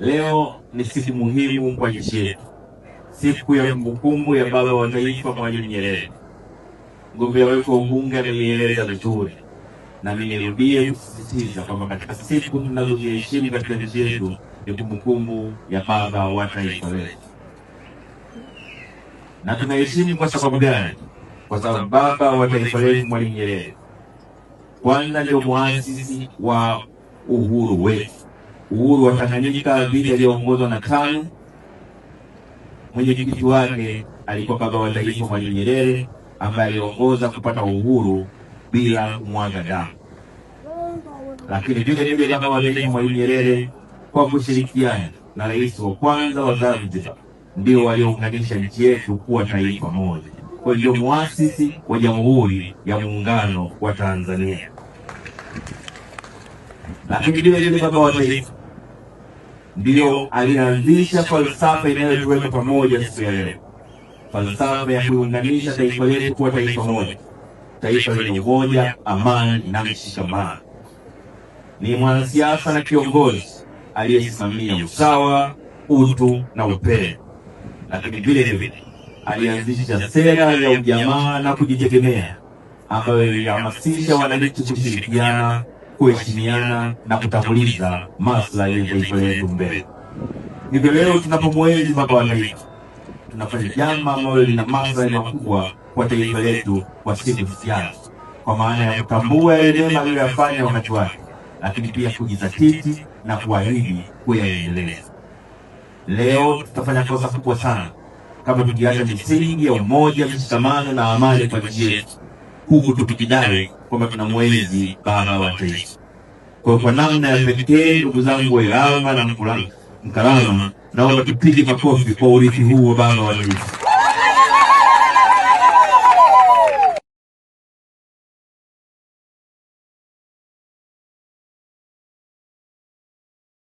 Leo ni siku muhimu kwa nchi yetu, siku ya kumbukumbu ya baba wa taifa Mwalimu Nyerere. Mgombea wetu wa ubunge amelieleza vizuri, na nirudie kusisitiza kwamba katika siku tunazoziheshimu katika nchi yetu ni kumbukumbu ya baba wa taifa letu. Na tunaheshimu kwa sababu gani? Kwa sababu baba wa taifa letu Mwalimu Nyerere kwanza ndio muasisi wa uhuru wetu uhuru wa Tanganyika dhidi aliyoongozwa na KANU. Mwenyekiti wake alikuwa baba wa taifa Mwalimu Nyerere ambaye aliongoza kupata uhuru bila kumwaga damu, lakini vile vile baba wa taifa Mwalimu Nyerere kwa kushirikiana na rais wa kwanza wa Zanzibar ndio waliounganisha nchi yetu kuwa taifa moja, kwa ndio muasisi wa Jamhuri ya Muungano wa Tanzania. Lakini vile vile baba wa taifa ndiyo alianzisha falsafa inayotuweka pamoja siku ya leo, falsafa ya kuunganisha taifa letu kuwa taifa moja, taifa lenye umoja, amani na mshikamano. Ni mwanasiasa na kiongozi aliyesimamia usawa, utu na upendo, lakini vile vile alianzisha sera ya ujamaa na kujitegemea ambayo ilihamasisha wananchi kushirikiana kuheshimiana na kutanguliza maslahi ya taifa letu mbele. Hivyo leo tunapomweli baba wa taifa, tunafanya jambo ambalo lina maslahi makubwa kwa taifa letu kwa siku zijazo, kwa maana ya kutambua yale mema aliyoyafanya wakati wake, lakini pia kujizatiti na kuahidi kuyaendeleza. Leo tutafanya kosa kubwa sana kama tukiacha misingi ya umoja, mshikamano na amani kwa nchi yetu huku tukidai kwamba mwezi baba wa taifa. Kwa kwa namna ya pekee, ndugu zangu Wailama na Mkalama, naomba tupige makofi kwa urithi huu wa baba wa taifa.